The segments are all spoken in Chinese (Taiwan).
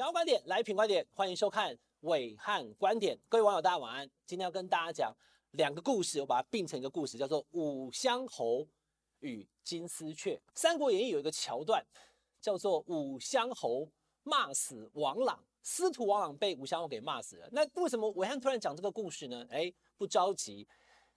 聊觀點，來品觀點，歡迎收看暐瀚觀點。各位網友大家晚安。今天要跟大家講兩個故事，我把它併成一個故事，叫做《武鄉侯與金絲雀》。《三國演義》有一個橋段，叫做武鄉侯罵死王朗，司徒王朗被武鄉侯給罵死了。那為什麼暐瀚突然講這個故事呢？哎，不着急，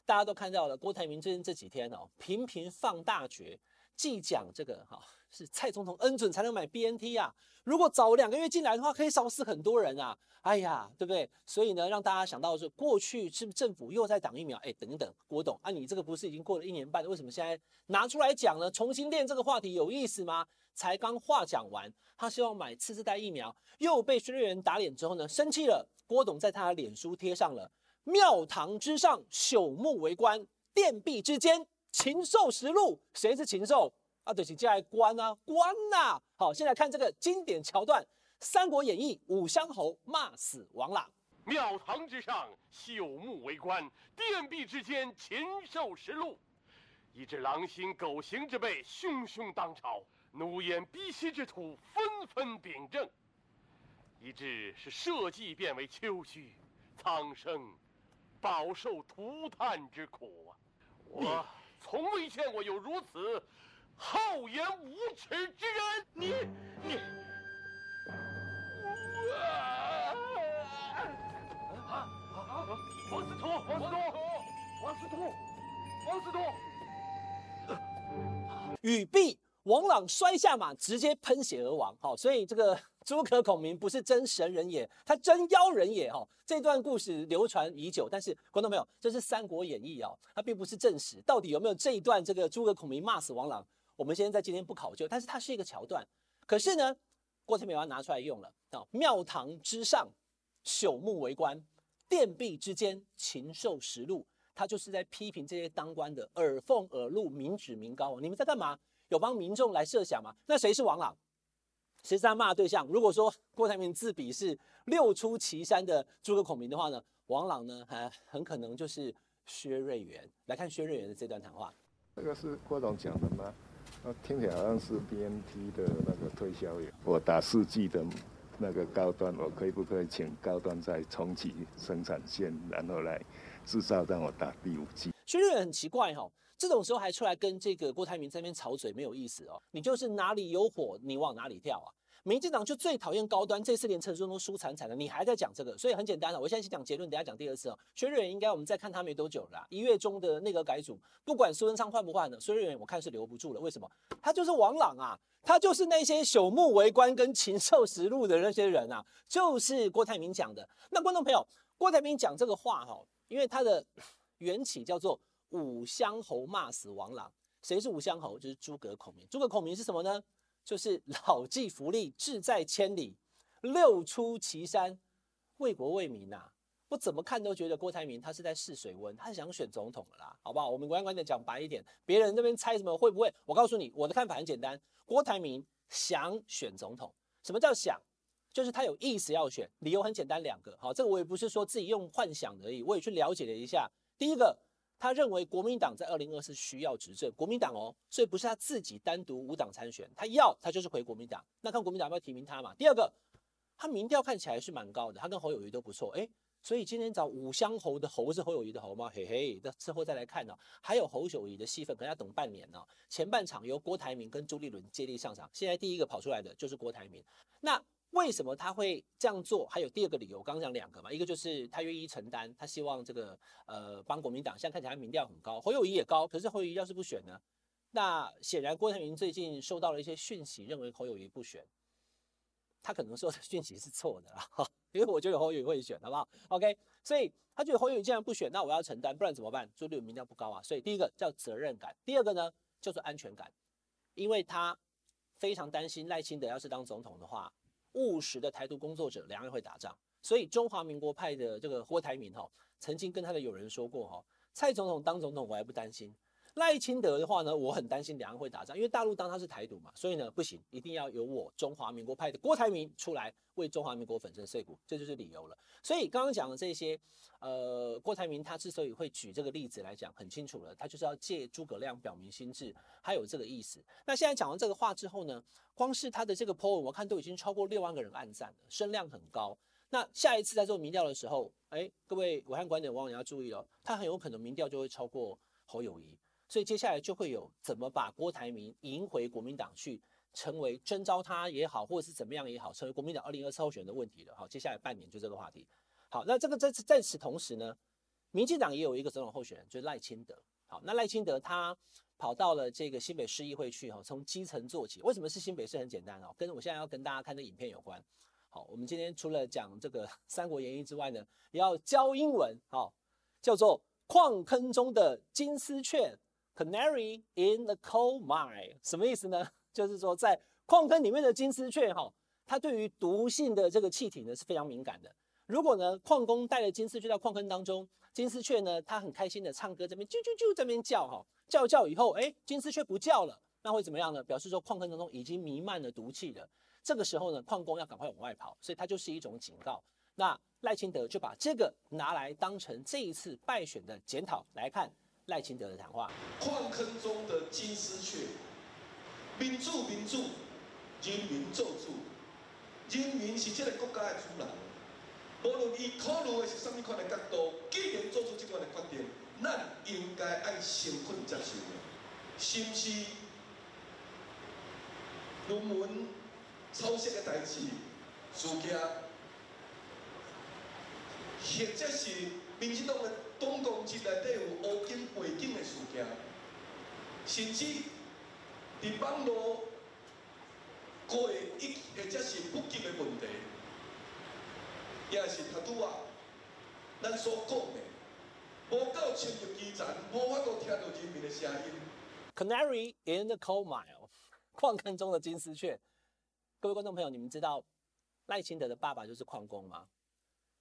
大家都看到了，郭台銘最近這幾天哦，頻頻放大絕。既講這個哈，是蔡總統恩准才能買 BNT 呀。如果早兩個月進來的話，可以少死很多人啊。哎呀，對不對？所以呢，讓大家想到的是過去是不是政府又在擋疫苗。哎，等一等，郭董啊，你這個不是已經過了一年半了？為什麼現在拿出來講呢？重新練這個話題有意思嗎？才剛話講完，他希望買次世代疫苗，又被薛瑞元打臉之後呢，生氣了。郭董在他的臉書貼上了廟堂之上，朽木為官，殿陛之間。禽獸食祿，誰是禽獸啊？對，請進來關啊，關吶、啊！好，現在看這個經典橋段，《三國演義》武鄉侯罵死王朗。廟堂之上，朽木為官；殿陛之間，禽獸食祿。以致狼心狗行之輩，洶洶當朝；奴顏婢膝之徒，紛紛秉政。以致是社稷變為丘墟，蒼生飽受塗炭之苦啊！我。從未見過有如此厚顏無恥之人！你你啊啊啊！王司徒，王司徒，王司徒，王司徒。語畢，王朗摔下馬，直接噴血而亡。好，所以這個。諸葛孔明不是真神人也，他真妖人也哈、哦。這段故事流傳已久，但是觀眾朋友，這是《三國演義》哦，它並不是正史。到底有沒有這一段這個諸葛孔明罵死王朗？我們現在今天不考究，但是它是一個橋段。可是呢，郭台銘要拿出來用了啊！廟、哦、堂之上，朽木為官；殿陛之間，禽獸食祿。他就是在批評這些當官的爾俸爾祿、民脂民膏。你們在干嘛？有幫民眾來設想嗎？那誰是王朗？十三罵對象，如果說郭台銘自比是六出祁山的諸葛孔明的話呢，王朗呢還、啊、很可能就是薛瑞元。來看薛瑞元的這段談話，這個是郭總講的嗎？聽起來好像是 B N T 的那個推銷員。我打四 G 的，那個高端，我可以不可以請高端再重啟生產線，然後來製造讓我打第五 G？薛瑞元很奇怪哈、哦，這種時候還出來跟這個郭台銘在那邊吵嘴，沒有意思哦。你就是哪裡有火，你往哪裡跳啊？民進黨就最討厭高端，這次連陳時中都輸慘慘的，你還在講這個，所以很簡單了、哦。我現在先講結論，等下講第二次啊、哦。薛瑞元應該我們再看他沒多久了，一月中的內閣改組，不管蘇貞昌換不換的，薛瑞元我看是留不住了。為什麼？他就是王朗啊，他就是那些朽木為官跟禽獸食祿的那些人啊，就是郭台銘講的。那觀眾朋友，郭台銘講這個話哈、哦，因為他的。緣起叫做武鄉侯罵死王朗，誰是武鄉侯？就是諸葛孔明。諸葛孔明是什麼呢？就是老驥伏櫪，志在千里，六出祁山，為國為民吶、啊。我怎麼看都覺得郭台銘他是在試水溫，他是想選總統了啦，好不好？我們國家觀點講白一點，別人這邊猜什麼會不會？我告訴你，我的看法很簡單，郭台銘想選總統。什麼叫想？就是他有意思，要選，理由很簡單，兩個。好、哦，這個我也不是說自己用幻想而已，我也去了解了一下。第一個，他認為國民黨在二零二四需要執政，國民黨哦，所以不是他自己單獨無黨參選，他要他就是回國民黨，那看國民黨要不要提名他嘛。第二個，他民調看起來是蠻高的，他跟侯友宜都不錯，哎、欸，所以今天找武鄉侯的侯是侯友宜的侯嗎？嘿嘿，那之後再來看呢、哦，還有侯友宜的戲份，可能要等半年呢、哦。前半場由郭台銘跟朱立倫接力上場，現在第一個跑出來的就是郭台銘，那。為什麼他會這樣做？還有第二個理由，我剛剛講兩個嘛，一個就是他願意承擔，他希望這個呃幫國民黨，現在看起來民調很高，侯友宜也高。可是侯友宜要是不選呢？那顯然郭台銘最近收到了一些訊息，認為侯友宜不選，他可能說訊息是錯的啦，因為我覺得侯友宜會選，好不好？OK，所以他覺得侯友宜既然不選，那我要承擔，不然怎麼辦？朱立倫民調不高啊，所以第一個叫責任感，第二個呢叫做、就是、安全感，因為他非常擔心賴清德要是當總統的話務實的台獨工作者，兩岸會打仗，所以中華民國派的這個郭台銘哈，曾經跟他的友人說過哈，蔡總統當總統我還不擔心。賴清德的話呢，我很擔心兩岸會打仗，因為大陸當他是台獨嘛，所以呢不行，一定要由我中華民國派的郭台銘出來為中華民國粉身碎骨，這就是理由了。所以剛剛講的這些，呃，郭台銘他之所以會舉這個例子來講，很清楚了，他就是要借諸葛亮表明心志，還有這個意思。那現在講完這個話之後呢，光是他的這個 poll 我看都已經超過六萬個人按讚了，聲量很高。那下一次在做民調的時候，哎、欸，各位暐瀚觀點網友要注意哦，他很有可能民調就會超過侯友宜。所以接下來就會有怎麼把郭台銘迎回國民黨去，成為徵召他也好，或者是怎麼樣也好，成為國民黨二零二四候選人的問題了好、哦，接下來半年就這個話題。好，那這個在在此同時呢，民進黨也有一個總統候選人，就是賴清德。好，那賴清德他跑到了這個新北市議會去哈，從、哦、基層做起。為什麼是新北市？很簡單哦，跟我現在要跟大家看的影片有關。好，我們今天除了講這個《三國演義》之外呢，也要教英文。好、哦，叫做礦坑中的金絲雀。Canary in the coal mine 什麼意思呢？就是說，在礦坑裡面的金絲雀哈、哦，它對於毒性的這個氣體呢，是非常敏感的。如果呢，礦工帶着金絲雀到礦坑當中，金絲雀呢，它很開心的唱歌，在那邊啾啾啾，在那邊叫哈、哦，叫叫以後，哎，金絲雀不叫了，那會怎麼樣呢？表示說礦坑當中已經彌漫了毒氣了。這個時候呢，礦工要趕快往外跑，所以它就是一種警告。那賴清德就把這個拿來當成這一次敗選的檢討來看。賴清德的談話：礦坑中的金絲雀，民主、民主、人民做主。人民是這個國家的主人。無論伊考慮的是甚麼款的角度，既然做出這款的決定，咱應該要誠懇接受。心是論文抄襲的代志，事件，或者是民進黨的。公共事內底有黑金背景的事情，甚至佇網絡過一或者是不敬的問題，也是卡拄啊。咱所講的，無夠深入基層無法度聽到人民的聲音。Canary in the coal mine，礦坑中的金絲雀。各位觀眾朋友，你們知道賴清德的爸爸就是礦工嗎？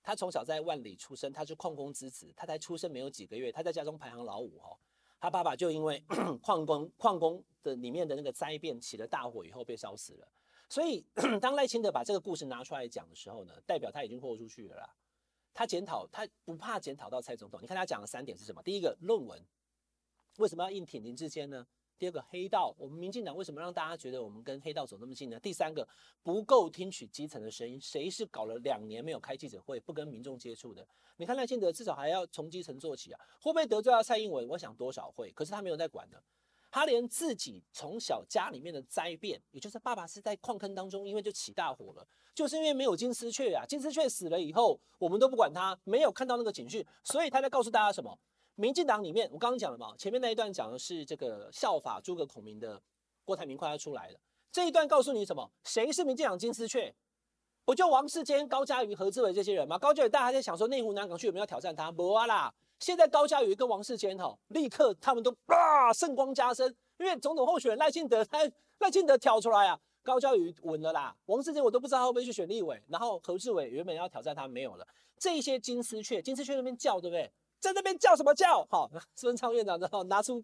他從小在萬里出生，他是礦工之子。他才出生沒有幾個月，他在家中排行老五哦，他爸爸就因為礦 工，礦工的裡面的那個災變起了大火以後被燒死了。所以， 當賴清德把這個故事拿出來講的時候呢，代表他已經豁出去了啦。他檢討，他不怕檢討到蔡總統。你看他講的三點是什麼？第一個，論文為什麼要硬挺林志堅呢？第二個黑道，我們民進黨為什麼讓大家覺得我們跟黑道走那麼近呢？第三個不夠聽取基層的聲音，誰是搞了兩年沒有開記者會、不跟民眾接觸的？你看賴清德至少還要從基層做起啊，會不會得罪到蔡英文？我想多少會，可是他沒有在管的，他連自己從小家裡面的災變，也就是爸爸是在礦坑當中，因為就起大火了，就是因為沒有金絲雀啊，金絲雀死了以後，我們都不管他，沒有看到那個警訊，所以他在告訴大家什麼？民進黨裡面，我剛剛講了嘛，前面那一段講的是這個效法諸葛孔明的郭台銘快要出來了，這一段告訴你什麼？誰是民進黨金絲雀？不就王世堅、高嘉瑜、何志偉這些人嗎？高嘉瑜大家在想說內湖、南港區有沒有要挑戰他？沒啦。現在高嘉瑜跟王世堅吼、喔，立刻他們都啊聖光加身，因為總統候選人賴清德他賴清德挑出來啊，高嘉瑜穩了啦。王世堅我都不知道他會不會去選立委，然後何志偉原本要挑戰他沒有了。這些金絲雀，金絲雀那邊叫對不對？在那邊叫什麼叫？哦、孫好，孫昌院長然後拿出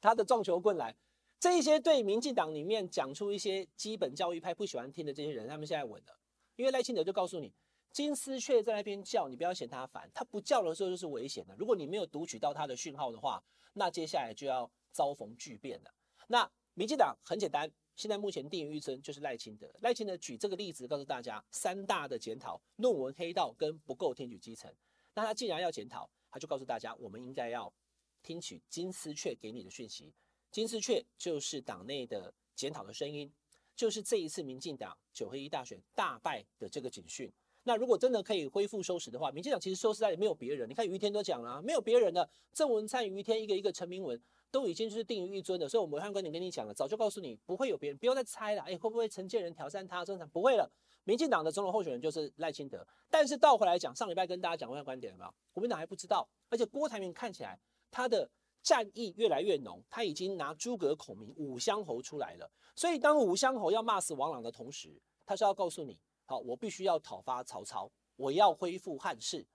他的撞球棍來，這一些對民進黨裡面講出一些基本教育派不喜歡聽的這些人，他們現在穩了。因為賴清德就告訴你，金絲雀在那邊叫，你不要嫌他煩。他不叫的時候就是危險的。如果你沒有讀取到他的訊號的話，那接下來就要遭逢巨變了。那民進黨很簡單，現在目前定於一尊就是賴清德。賴清德舉這個例子告訴大家，三大的檢討，論文、黑道跟不夠聽取基層。那他既然要檢討。他就告訴大家，我們應該要聽取金絲雀給你的訊息。金絲雀就是黨內的檢討的聲音，就是這一次民進黨九合一大選大敗的這個警訊。那如果真的可以恢復收拾的話，民進黨其實收拾的也沒有別人。你看余天都講了，啊，沒有別人的，鄭文燦、余天一個一個陳明文都已經就是定於一尊的。所以，我暐瀚觀點跟你講了，早就告訴你不會有別人，不要再猜了。哎，會不會陳建仁挑戰他？正常不會了。民進黨的總統候選人就是賴清德，但是倒回來講，上禮拜跟大家講過我的觀點了沒有？國民黨還不知道，而且郭台銘看起來他的戰意越來越濃，他已經拿諸葛孔明武鄉侯出來了。所以當武鄉侯要罵死王朗的同時，他是要告訴你：好，我必須要討伐曹操，我要恢復漢室。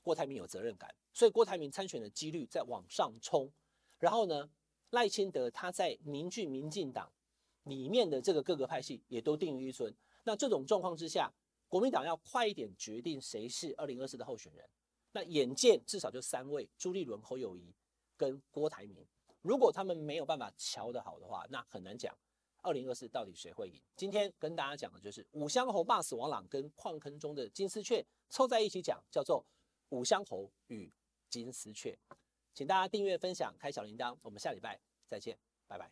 郭台銘有責任感，所以郭台銘參選的幾率在往上衝。然後呢，賴清德他在凝聚民進黨裡面的這個各個派系，也都定於一尊。那這種狀況之下，國民黨要快一點決定誰是二零二四的候選人。那眼見至少就三位：朱立倫、侯友宜跟郭台銘。如果他們沒有辦法喬得好的話，那很難講二零二四到底誰會贏。今天跟大家講的就是武鄉侯罵死王朗跟礦坑中的金絲雀湊在一起講，叫做武鄉侯與金絲雀。請大家訂閱、分享、開小鈴鐺，我們下禮拜再見，拜拜。